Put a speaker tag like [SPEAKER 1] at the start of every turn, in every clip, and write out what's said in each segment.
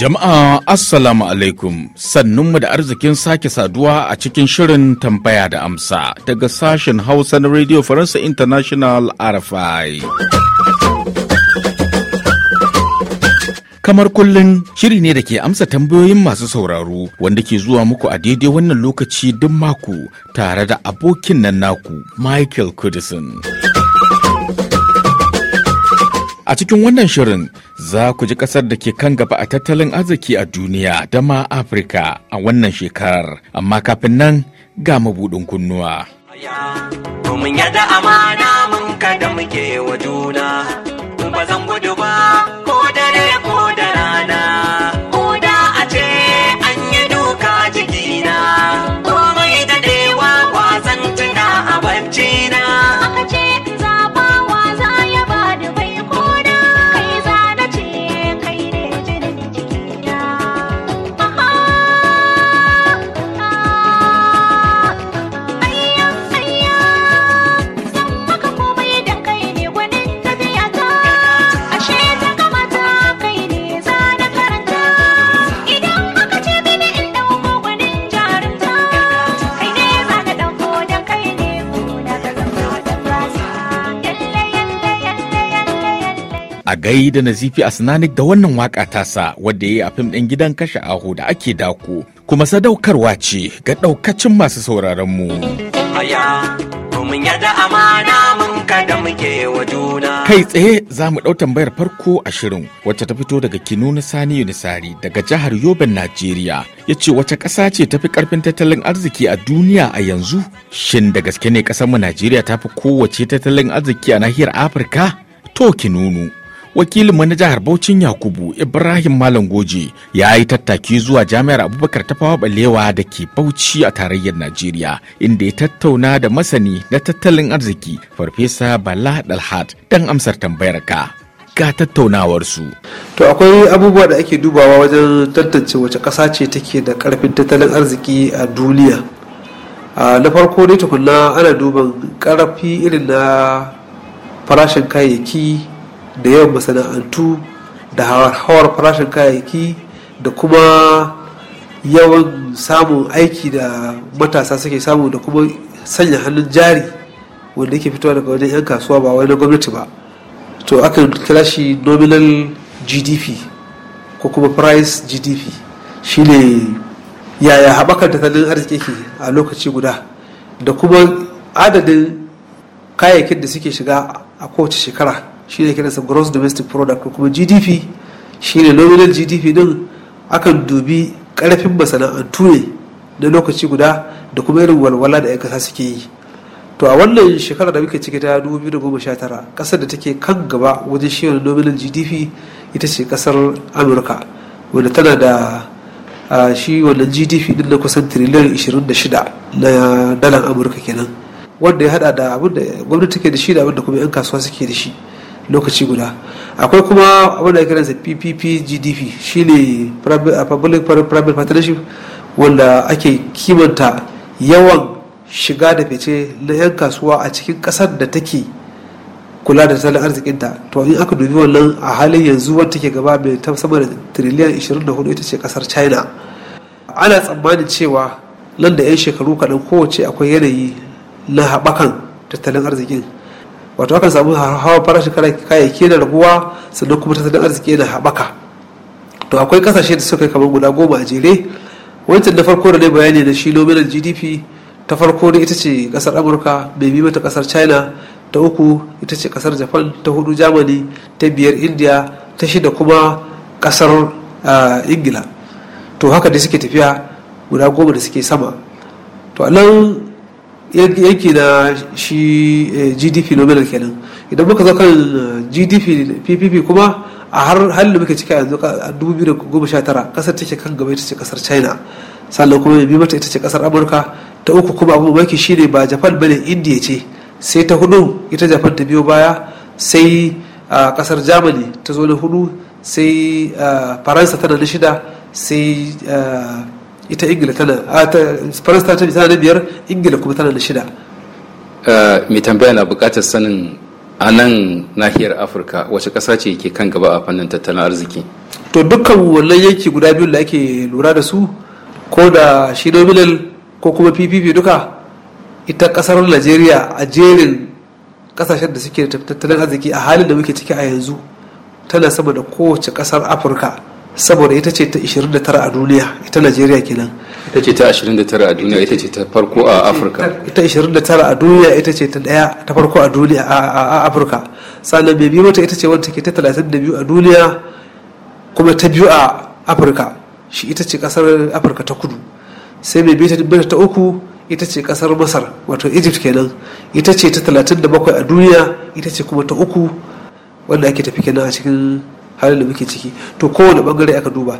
[SPEAKER 1] Jama'a Assalamu alaikum sannunmu da arzikin sake saduwa a cikin shirin tambaya da amsa daga sashen Hausa na Radio Faransa International RFI. kamar kullum shiri ne da ke amsa tambayoyin masu sauraro wanda ke zuwa muku a daidai wannan lokaci duk mako tare da abokin nan naku Michael Kudison. A cikin wannan shirin za ku ji kasar da ke kan gaba a tattalin arziki a duniya da ma Afirka a wannan shekarar, amma kafin nan ga mabudin kunnuwa.
[SPEAKER 2] amana mun kada muke wa juna, ba zan gudu ba
[SPEAKER 1] da Nazifi a Asnanik da wannan waka tasa wadda ya yi a fim ɗin gidan kashe aho da ake dako kuma sadaukarwa ce ga ɗaukacin masu sauraron mu. Kai tsaye za mu ɗau tambayar farko a shirin wacce ta fito daga Kinuni Sani Yunisari daga jihar Yoben Najeriya. Ya ce wace ƙasa ce ta fi ƙarfin tattalin arziki a duniya a yanzu? Shin da gaske ne ƙasar mu Najeriya ta fi kowace tattalin arziki a nahiyar Afirka? To Kinunu, wakilin na jihar Bauchin Yakubu Ibrahim Malam Goje ya yi tattaki zuwa jami'ar Abubakar Fawa Balewa da ke Bauchi a tarayyar Najeriya inda ya tattauna da masani na tattalin arziki Farfesa Bala Dalhat dan amsar tambayar ka. Ga su
[SPEAKER 3] To akwai abubuwa da ake dubawa wajen tantance wace ƙasa ce take da ƙarfin tattalin arziki a duniya. Na farko dai tukunna ana duban ƙarfi irin na farashin kayayyaki da yawan masana'antu da hawar farashin kayayyaki da kuma yawan samun aiki da matasa suke samu da kuma sanya hannun jari wanda yake fitowa daga wajen 'yan kasuwa ba wani gwamnati ba to akan kira shi nominal gdp ko kuma price gdp shine yaya haɓakar tattalin arziki ke a lokaci guda da kuma adadin kayayyakin da suke shiga a kowace shekara shi ne kiransa gross domestic product ko kuma gdp shi ne nominal gdp din akan dubi karfin masana'antu ne na lokaci guda da kuma irin walwala da 'yan kasa suke yi to a wannan shekarar da muke cike ta 2019 kasar da take kan gaba wajen shi nominal gdp ita ce kasar amurka wanda tana da shi wannan gdp din na kusan triliyan 26 na dalar amurka kenan wanda ya hada da abin da gwamnati take da shi da abin da kuma 'yan kasuwa suke da shi lokaci guda akwai kuma abin da kiransa ppp gdp shine uh, public private partnership wanda ake kimanta yawan shiga da fice na 'yan kasuwa a cikin kasar da take kula da tattalin arzikinta to in aka dubi wannan a halin yanzu wata take gaba mai ta sama da 24 ita ce kasar china ana tsammanin cewa nan da 'yan shekaru kaɗan kowace akwai yanayi na haɓakan tattalin arzikin wato akan samu hawa farashin kayayyaki da raguwa sannan kuma tattalin arziki da haɓaka to akwai kasashe da suka kamar guda goma a jere wancan na farko da dai bayani da shi nominal gdp ta farko ne ita ce kasar amurka bai bi mata kasar china ta uku ita ce kasar japan ta hudu germany ta biyar india ta shida kuma kasar eh, ingila to haka da suke tafiya guda goma da suke sama to a nan yanki na shi eh, gdp nominal kenan idan muka zo kan eh, gdp ppp kuma a har halin da muke cika yanzu a 2019 kasar take kan gaba ita ce kasar china sannan kuma bi mata ita ce kasar amurka ta uku kuma abu mamaki shine ba japan bane india ce sai ta hudu ita japan ta biyo baya sai a eh, kasar germany ta zo na hudu sai faransa tana na shida sai ita ingila tana faransa ta tana na biyar ingila kuma tana da shida
[SPEAKER 2] eh, mai tambaya na bukatar sanin a nan nahiyar afirka wace kasa ce ke kan gaba a fannin tattalin arziki
[SPEAKER 3] to dukkan wannan yanki guda biyu da ake lura da su ko da shi nominal ko kuma ppp duka ita kasar najeriya a jerin kasashen da suke tattalin arziki a halin da muke ciki a yanzu tana sama da kowace kasar afirka saboda ita ce ta 29 a duniya ita najeriya kenan
[SPEAKER 2] ita ce ta 29 a duniya ita ce ta farko a afirka
[SPEAKER 3] ita 29 a duniya ita ce ta daya ta farko a duniya a afirka sannan mai biyu mata ita ce wanda ke ta 32 a duniya kuma ta biyu a afirka shi ita ce kasar afirka ta kudu sai mai biyu ta uku ita ce kasar masar wato egypt kenan ita ce ta 37 a duniya ita ce kuma ta uku wanda ake tafi kenan a cikin halin da muke ciki to kowane bangare aka duba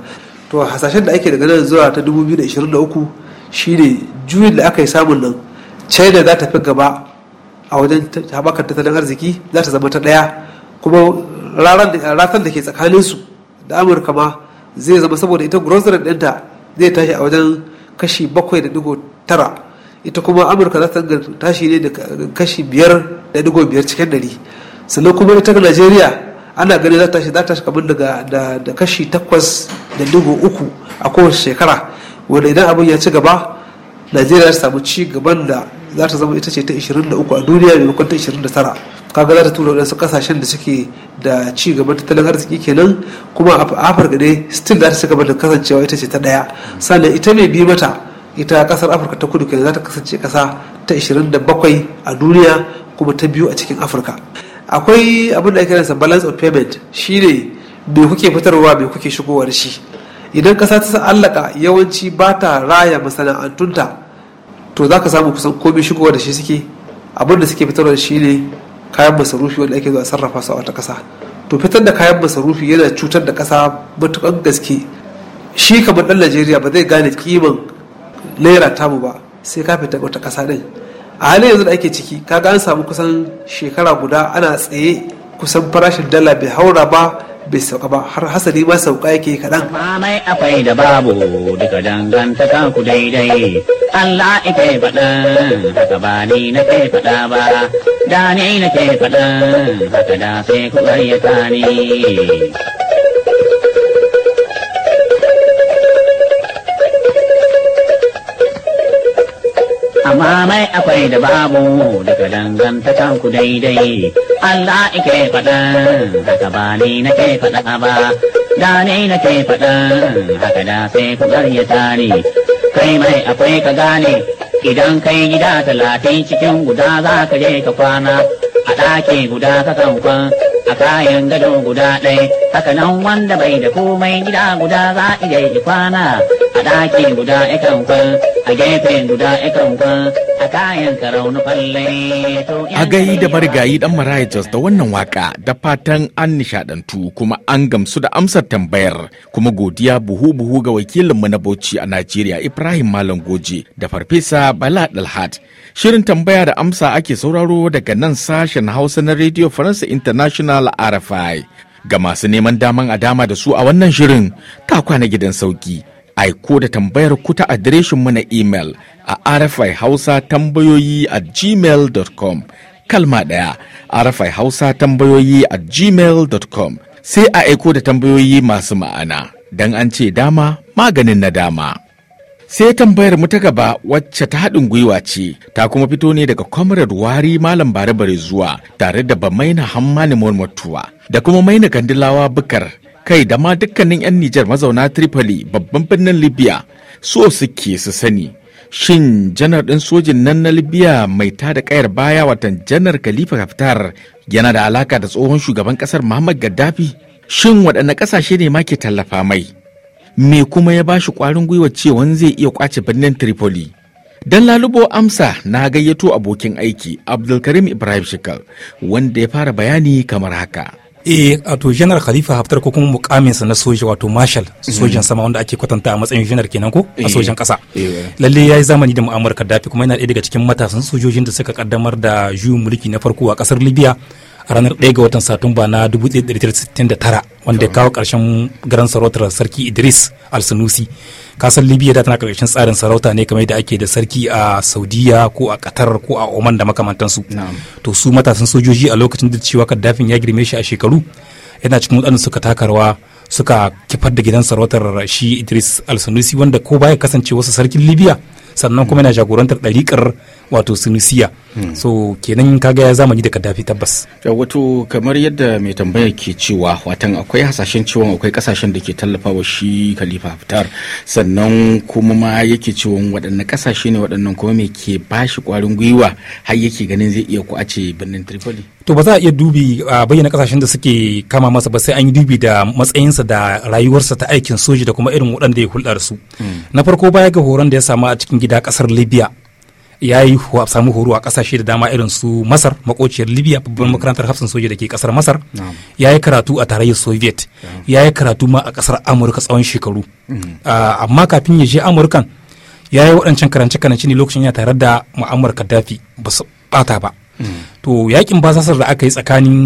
[SPEAKER 3] to hasashen da ake daga nan zuwa ta 2023 shine juyin da aka yi samun nan china za ta fi gaba a wajen haɓakar tattalin arziki za ta zama ta ɗaya kuma ratan da ke tsakanin su da amurka ma zai zama saboda ita gross rate ɗinta zai tashi a wajen kashi bakwai da digo tara ita kuma amurka za ta tashi ne da kashi biyar da digo biyar cikin dari sannan kuma ita ga najeriya ana gani za ta shi za abin daga da kashi takwas da dubu uku a kowace shekara wanda idan abin ya ci gaba najeriya ta samu ci gaban da za ta zama ita ce ta 23 a duniya maimakon ta 29 kaga za ta tura wadansu kasashen da suke da ci gaban tattalin arziki kenan kuma a afirka ne still za ta ci gaba da kasancewa ita ce ta daya sannan ita ne bi mata ita kasar afirka ta kudu kenan za ta kasance kasa ta 27 a duniya kuma ta biyu a cikin afirka akwai abin da ake kiransa balance of payment shine me kuke fitarwa me kuke shigowa da shi idan kasa ta allaka yawanci ba ta raya masana'antunta to za ka samu kusan komai shigowa da shi suke abin da suke fitarwa shi ne kayan masarufi wanda ake zuwa sarrafa su a wata kasa to fitar da kayan masarufi yana cutar da kasa matukan gaske shi kamar dan najeriya ba zai gane kiman naira tamu ba sai ka fita wata kasa din a halin yanzu da ake ciki kaga an samu kusan shekara guda ana tsaye kusan farashin dala bai haura ba bai sauka ba har hasali ma sauka yake kaɗan.
[SPEAKER 2] Mamai akwai da babu
[SPEAKER 3] daga dangantaka ku daidai
[SPEAKER 2] Allah ike faɗa
[SPEAKER 3] haka ba
[SPEAKER 1] ni na ke faɗa ba da ni na ke haka da sai ku ƙaryata ni.
[SPEAKER 2] mai akwai da babu daga dangantakan ku daidai Allah ike faɗa haka ba ni ke faɗa ba da ni ke faɗan. haka da sai ku garyata ni kai mai akwai ka gane idan kai gida talatin cikin guda za ka je ka kwana a ɗaki guda ka kan a kayan gado guda ɗaya haka nan wanda bai da komai gida guda za a iya kwana a ɗakin guda kwan a gai
[SPEAKER 1] da marigayi dan maraya jos da wannan waka da fatan an nishadantu kuma an gamsu da amsar tambayar kuma godiya buhu buhu ga wakilinmu na bauchi a najeriya ibrahim malam goje da farfesa bala dalhat shirin tambaya da amsa ake sauraro daga nan sashen hausa na radio faransa international rfi ga masu neman daman a dama da su a wannan shirin ta kwana gidan sauki aiko da tambayar ku ta adireshin mu na imel a rfi hausa tambayoyi a gmail.com kalma ɗaya rfi hausa tambayoyi a gmail.com sai a aiko da tambayoyi masu ma'ana don an ce dama maganin na dama. sai tambayar mu ta gaba wacce ta haɗin gwiwa ce ta kuma fito ne daga comrade wari malam bare bare zuwa tare da ba bamaina hammani murmurtuwa da kuma maina gandulawa bukar kai da ma dukkanin 'yan Nijar mazauna Tripoli babban birnin Libya so suke su sani. Shin janar ɗin sojin nan na Libya mai tada ƙayar baya watan janar Khalifa Haftar yana da alaka da tsohon shugaban ƙasar Muhammad Gaddafi? Shin waɗanne ƙasashe ne ma ke tallafa mai? Me kuma ya bashi ƙwarin gwiwa cewan zai iya ƙwace birnin Tripoli? Dan lalubo amsa na gayyato abokin
[SPEAKER 2] aiki Abdulkarim Ibrahim Shikal wanda ya fara bayani kamar haka. eh wato janar khalifa haftar ko kuma sa na soja wato marshal mm-hmm. sojan sama wanda ake kwatanta a matsayin janar kenan ko a eh, sojan kasa eh. lalle yayi zamani da mu'ammar kaddafi kuma yana ɗaya daga cikin matasan sojojin da suka kaddamar da juyin mulki na farko a kasar libya a ranar 1 ga watan satumba na 1969 wanda ya kawo karshen garan sarautar sarki idris al-sanusi kasar libya da tana karshen tsarin sarauta ne kamar da ake da sarki a saudiya ko a qatar ko a oman da makamantansu to su matasan sojoji a lokacin da cewa kaddafin ya girme shi a shekaru yana cikin waɗanda suka takarwa suka kifar da gidan sarautar shi idris al-sanusi wanda ko baya kasance wasu sarkin libya sannan kuma yana jagorantar ɗariƙar wato sunisiya so kenan kaga ya zamani da kadafi tabbas
[SPEAKER 1] wato kamar yadda mai tambaya ke cewa watan akwai hasashen cewa akwai kasashen da ke tallafa wa shi khalifa haftar sannan kuma ma yake cewa waɗannan kasashe ne waɗannan kuma me ke bashi ƙwarin gwiwa har yake ganin zai iya kwace birnin tripoli
[SPEAKER 2] to ba za a iya dubi a bayyana kasashen da suke kama masa ba sai an yi dubi da matsayinsa da rayuwarsa ta aikin soji da kuma irin waɗanda ya hulɗar su hmm. na farko baya ga horon da ya samu a cikin gida kasar libya ya yi samu horo a kasashe da dama irin su masar makociyar libya babban makarantar hafsan soja da ke kasar masar ya yi karatu a tarayyar soviet ya yi karatu ma a kasar amurka tsawon shekaru mm. amma kafin ya je amurkan ya yi waɗancan karance karance ne lokacin ya tare da mu'ammar kaddafi ba su bata ba mm. to yakin basasar da aka yi tsakanin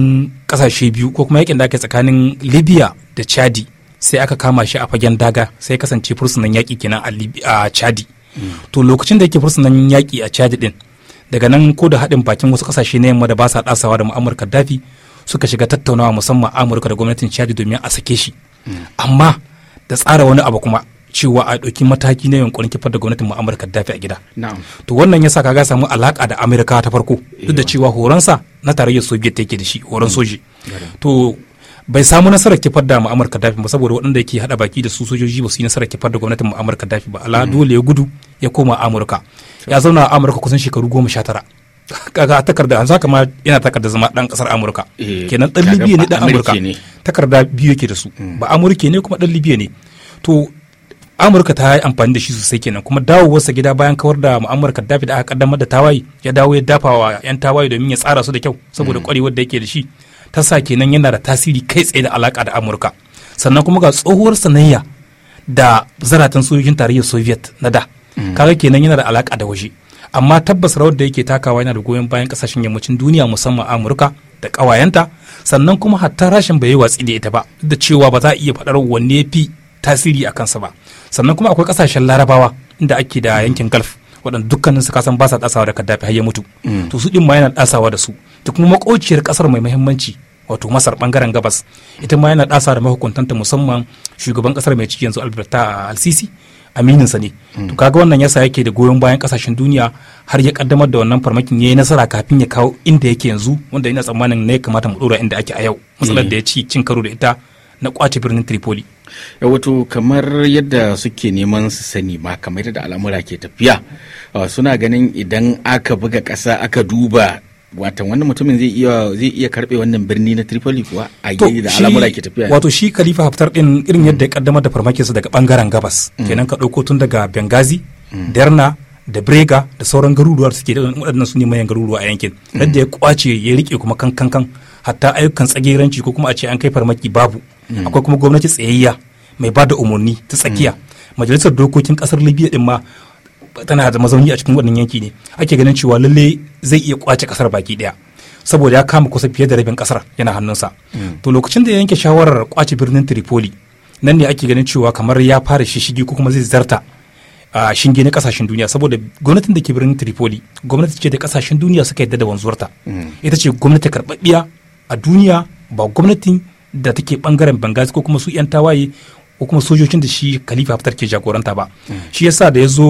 [SPEAKER 2] kasashe biyu ko kuma yakin da aka yi tsakanin libya da chadi sai aka kama shi a fagen daga sai kasance fursunan yaƙi kenan a chadi to lokacin da yake fursunan yaƙi a caji din daga nan ko da haɗin bakin wasu kasashe na yamma da ba sa ɗasawa da mu'ammar kaddafi suka shiga tattaunawa musamman amurka da gwamnatin caji domin a sake shi amma da tsara wani abu kuma cewa a ɗauki mataki na yunkurin kifar da gwamnatin mu'ammar kaddafi a gida to wannan ya yasa kaga samu alaka da amurka ta farko duk da cewa horonsa na tarayyar soviet take da shi horon mm. soji to bai samu nasarar kifar da mu'amar Gaddafi ba saboda waɗanda yake hada baki da su sojoji ba su yi nasarar kifar da gwamnatin mu'amar Gaddafi ba ala mm. dole ya gudu ya koma Amurka ya zauna a Amurka kusan shekaru goma sha tara kaga takarda an saka ma yana takarda zama dan kasar Amurka eh, kenan dan Libya ne dan Amurka takarda biyu yake da su mm. ba Amurka ne kuma dan Libya ne to amurka ta yi amfani da shi sosai kenan kuma dawowarsa gida bayan kawar da mu'ammar kaddafi da aka kaddamar da tawaye ya dawo ya dafa wa 'yan tawaye domin ya tsara su da kyau saboda kwarewar mm. da yake da shi ta sa kenan yana da tasiri kai tsaye da alaka da amurka sannan kuma ga tsohuwar sanayya da zaratan sojojin tarayyar soviet na da mm. kaga kenan yana da alaka da waje amma tabbas rawar da yake takawa yana da goyon bayan kasashen yammacin duniya musamman amurka da ƙawayenta sannan kuma hatta rashin bai yi watsi da ita ba duk da cewa ba za a iya faɗar wanne fi tasiri a kansa ba sannan kuma akwai ƙasashen larabawa inda ake da yankin gulf waɗanda dukkanin su kasan ba sa da kaddafi har ya mutu mm. to su din ma yana dasawa da su da kuma makociyar kasar mai muhimmanci wato masar bangaren gabas ita ma yana ɗasawa da mahukuntanta musamman shugaban kasar mai ciki yanzu albert al-sisi sa ne mm. to kaga wannan yasa yake da goyon bayan kasashen duniya har ya kaddamar da wannan farmakin yayi nasara kafin ya kawo inda yake yanzu wanda ina tsammanin ne kamata mu dora inda ake a yau matsalar mm. da ya ci cin karo da ita na kwace birnin tripoli
[SPEAKER 1] eh, wato kamar yadda suke neman su sani ma kamar yadda al'amura ke tafiya uh, suna ganin idan aka buga ƙasa aka duba watan wannan mutumin zai iya zai iya karbe wannan birni na Tripoli kuwa a yayi da al'amura ke tafiya wato
[SPEAKER 2] shi Khalifa Haftar din irin yadda ya kaddamar da farmakin sa daga bangaren gabas mm. kenan ka dauko tun daga Benghazi mm. Derna da Brega da sauran garuruwa suke waɗannan su ne manyan garuruwa a yankin mm. yadda ya kwace ya rike kuma kankan kan hatta ayyukan tsageranci ko kuma a ce an kai farmaki babu hmm. akwai kuma gwamnati tsayayya mai ba da umarni ta tsakiya hmm. majalisar dokokin kasar libya din ma tana da mazauni a cikin wannan yanki ne ake ganin cewa lalle zai iya kwace kasar baki daya saboda ya kama kusa fiye da rabin kasar yana hannunsa hmm. to lokacin da ya yanke shawarar kwace birnin tripoli nan ne ake ganin cewa kamar ya fara shishigi ko kuma zai zarta a shinge na kasashen duniya saboda gwamnatin da ke birnin tripoli gwamnati ce da kasashen duniya suka yadda da wanzuwarta ita ce gwamnati karɓaɓɓiya a duniya ba gwamnatin da take bangaren bangazi ko kuma su 'yan tawaye ko kuma sojojin da shi khalifa haftar ke jagoranta ba hmm. shi yasa da ya zo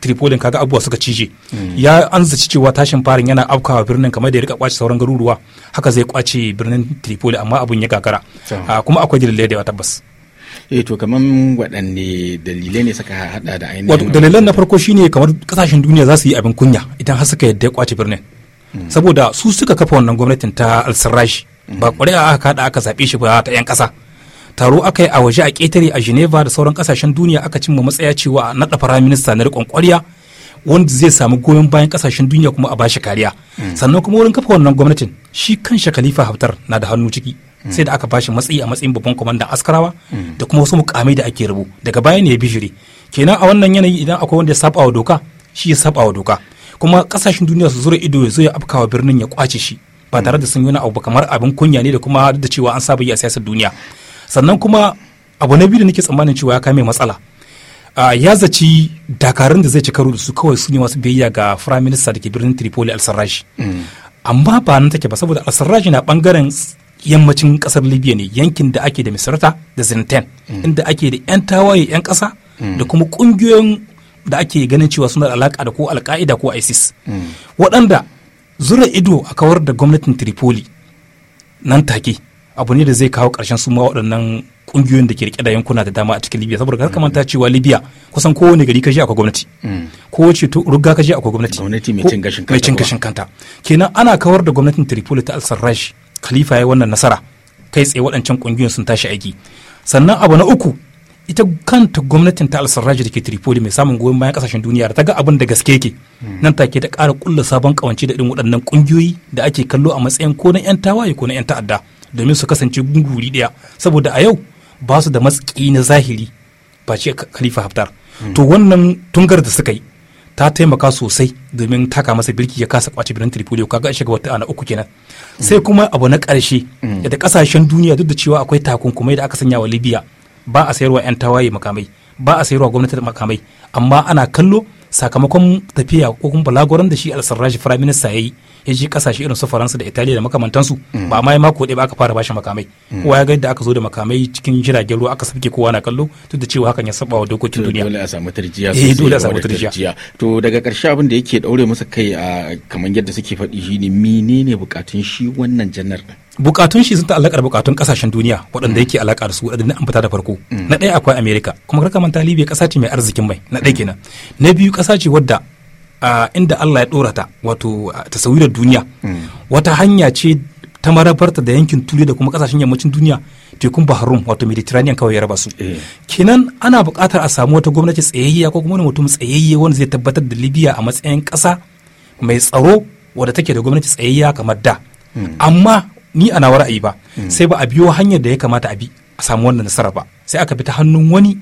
[SPEAKER 2] tripolin kaga abubuwa suka cije hmm. ya an zaci cewa tashin farin yana afkawa birnin kamar da ya rika kwace sauran garuruwa haka zai kwace birnin tripoli amma abun ya gagara ah, kuma akwai dalilai da yawa tabbas
[SPEAKER 1] eh to kamar waɗanne dalilai ne suka hada da ainihin wato
[SPEAKER 2] dalilan na farko shine kamar kasashen duniya za su yi abin kunya idan har suka yadda kwace birnin saboda su suka kafa wannan gwamnatin ta alsarrashi ba mhm. ƙuri'a aka kada aka zaɓe shi ba ta 'yan ƙasa taro aka yi a waje a ƙetare a geneva da sauran ƙasashen duniya aka cimma matsaya cewa a naɗa minister na riƙon ƙwarya wanda zai samu goyon bayan ƙasashen duniya kuma a bashi kariya mhm. sannan kuma wurin kafa wannan gwamnatin shi kanshi khalifa haftar na da hannu ciki mhm. sai da aka bashi matsayi a matsayin babban kwamandan askarawa da kuma wasu mukamai da ake rabu daga bayan ne ya bijire kenan a wannan yanayi idan akwai wanda ya saba wa doka shi ya saba doka kuma kasashen duniya su zura ido ya zo ya afkawa birnin ya kwace shi ba tare da sun yi wani abu kamar abin kunya ne da kuma da cewa an saba yi a siyasar duniya sannan kuma abu na biyu da nake tsammanin cewa ya kame matsala ya zaci dakarun da zai ci karo da su kawai su ne masu biyayya ga firayim minista da ke birnin tripoli al-sarraji mm. amma ba nan take ba saboda al-sarraji na bangaren yammacin kasar libya ne yankin da ake da misrata da zinten mm. inda ake da 'yan tawaye 'yan kasa mm. da kuma kungiyoyin da ake ganin cewa suna da alaka da ko alka'ida ko isis mm. waɗanda zura ido a kawar da gwamnatin tripoli nan take abu ne da zai kawo ƙarshen su ma waɗannan ƙungiyoyin da ke rike da yankuna da dama a cikin libya saboda kar mm. manta cewa libya kusan kowane gari ka je akwai gwamnati mm. kowace rugga ka je akwai gwamnati mai cin gashin kanta kenan ana kawar da gwamnatin tripoli ta al-sarraj khalifa ya wannan nasara kai tsaye waɗancan ƙungiyoyin sun tashi aiki sannan abu na uku ita kanta gwamnatin ta al-sarraji da ke tripoli mai samun goyon bayan kasashen duniya da ta ga abin da gaske ke hmm. nan take ta ƙara kulla sabon kawance da irin waɗannan ƙungiyoyi da ake kallo a matsayin ko na 'yan tawaye ko na 'yan ta'adda domin su kasance gunguri ɗaya saboda a yau ba su da matsayi na zahiri ba ce khalifa haftar hmm. to wannan tungar da suka yi ta taimaka sosai domin taka masa birki ya kasa kwace birnin Tripoli kaga shiga wata ana uku kenan hmm. sai kuma abu na karshe da kasashen duniya duk da cewa akwai takunkumai da aka sanya wa Libya ba a sayarwa 'yan tawaye makamai ba a sayarwa gwamnati da makamai amma ana kallo sakamakon tafiya ko kuma balagoran da shi al-sarraji prime minister yayi ya je kasashe irin su faransa da italiya da makamantansu ba ma ya mako ba aka fara bashi makamai mm. kowa ya ga yadda aka zo da makamai cikin jiragen ruwa aka sabke kowa na kallo duk da cewa hakan ya saba wa dokokin duniya dole a samu tarjiya eh dole a samu tarjiya
[SPEAKER 1] to daga karshe abin da yake daure masa kai a kamar yadda
[SPEAKER 2] suke faɗi shine menene bukatun shi wannan janar bukatun shi sun ta'allaka da bukatun kasashen duniya waɗanda mm. yake alaka da su waɗanda na amfata da farko mm. na ɗaya akwai america kuma karka manta libya ƙasa ce mai arzikin mai na ɗaya kenan na biyu ƙasa ce wadda inda allah ya ɗora ta wato tasawirar duniya mm. wata hanya ce ta marabarta da yankin turai da kuma kasashen yammacin duniya tekun bahrum wato mediterranean kawai ya raba su eh. kenan ana buƙatar a samu wata gwamnati tsayayya ko kuma wani mutum tsayayya wanda zai tabbatar da libya a matsayin ƙasa mai tsaro wadda take da gwamnati tsayayya kamar da amma ni a nawa ra'ayi ba mm. sai ba a biyo hanyar da ya kamata a bi a samu wannan nasara ba sai aka bi ta hannun wani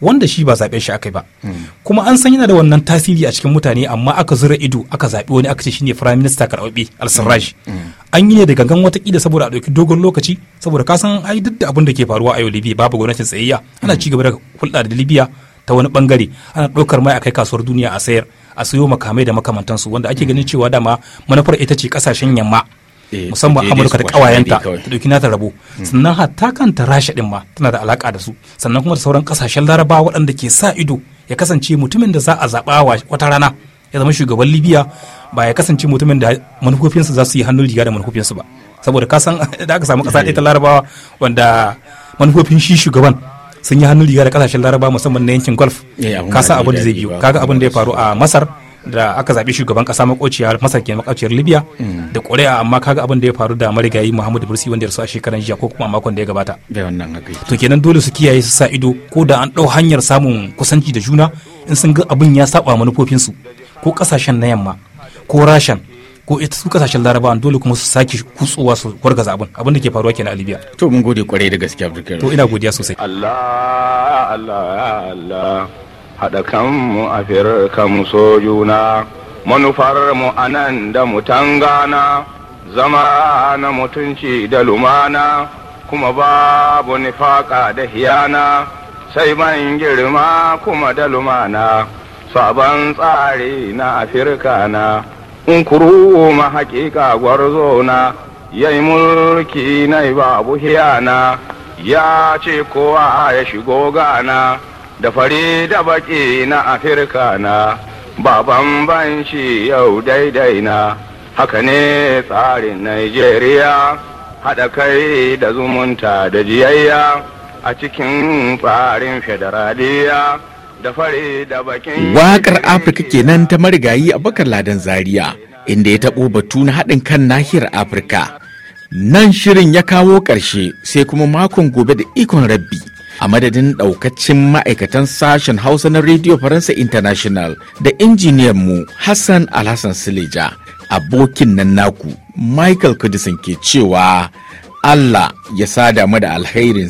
[SPEAKER 2] wanda shi ba zaɓen shi aka ba mm. kuma an san yana da wannan tasiri a cikin mutane amma aka zura ido aka zaɓi wani aka ce shine prime minister karɓaɓɓe al-sarraj mm. an yi ne da gangan watakila saboda a ɗauki dogon lokaci saboda ka san ai duk da abin da ke faruwa a yau libya babu gwamnatin tsayayya ana ci gaba da hulɗa da libya ta wani bangare ana ɗaukar mai a kai kasuwar duniya a sayar a sayo makamai da makamantansu wanda ake ganin cewa dama manufar ita ce kasashen yamma
[SPEAKER 1] Eh, musamman amurka da kawayenta ta
[SPEAKER 2] dauki nata rabo hmm. sannan hatta kanta rasha din ma tana da alaka da su sannan kuma da sauran kasashen laraba waɗanda ke sa ido ya kasance mutumin da za a zaɓa wata rana ya zama shugaban libya ba ya kasance mutumin da manufofinsu za su yi hannun riga da manufofinsu ba saboda kasan da aka samu ƙasa ɗaya ta eh. larabawa wanda manufofin shi shugaban sun yi hannun riga da kasashen laraba musamman na yankin golf
[SPEAKER 1] eh, kasa abin da zai biyu kaga abin
[SPEAKER 2] da ya faru a masar da aka zaɓi shugaban ƙasa makociyar masar ke makociyar libya da korea amma kaga abin da ya faru da marigayi muhammad bursi wanda ya rasu a shekaran jiya ko kuma makon da ya gabata to kenan dole su kiyaye su sa ido ko da an ɗau hanyar samun kusanci da juna in sun ga abin ya saba su ko ƙasashen na yamma ko rashan ko ita su kasashen laraba dole kuma su sake kutsuwa su warga zabin abin da ke faruwa kenan a libya to mun gode
[SPEAKER 1] kwarai da gaske abdulkarim to ina godiya sosai allah allah allah haɗa kanmu a firka kanmu so juna manufar mu anan da mutangana zama na mutunci da lumana kuma babu nifaka da hiyana sai man girma kuma da lumana sabon tsari na afirka na
[SPEAKER 3] kuru
[SPEAKER 1] ma hakika gwarzo na yayi mulki na babu hiyana ya ce kowa ya shigo gana da fari da baki na afirka na baban ban shi yau daidai na haka ne tsarin nigeria haɗa kai da zumunta da jiyayya a cikin farin federaliya da fari da bakin waƙar afirka kenan ta marigayi a bakar ladan zaria inda ya taɓo batu na haɗin kan nahiyar afirka nan shirin ya kawo ƙarshe sai kuma makon gobe da ikon rabbi a madadin daukacin ma'aikatan sashen hausa na radio faransa international da injiniyan mu hassan alhassan sileja abokin nan naku michael kudisin ke cewa allah ya sada mu da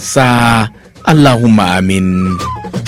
[SPEAKER 1] sa allahumma amin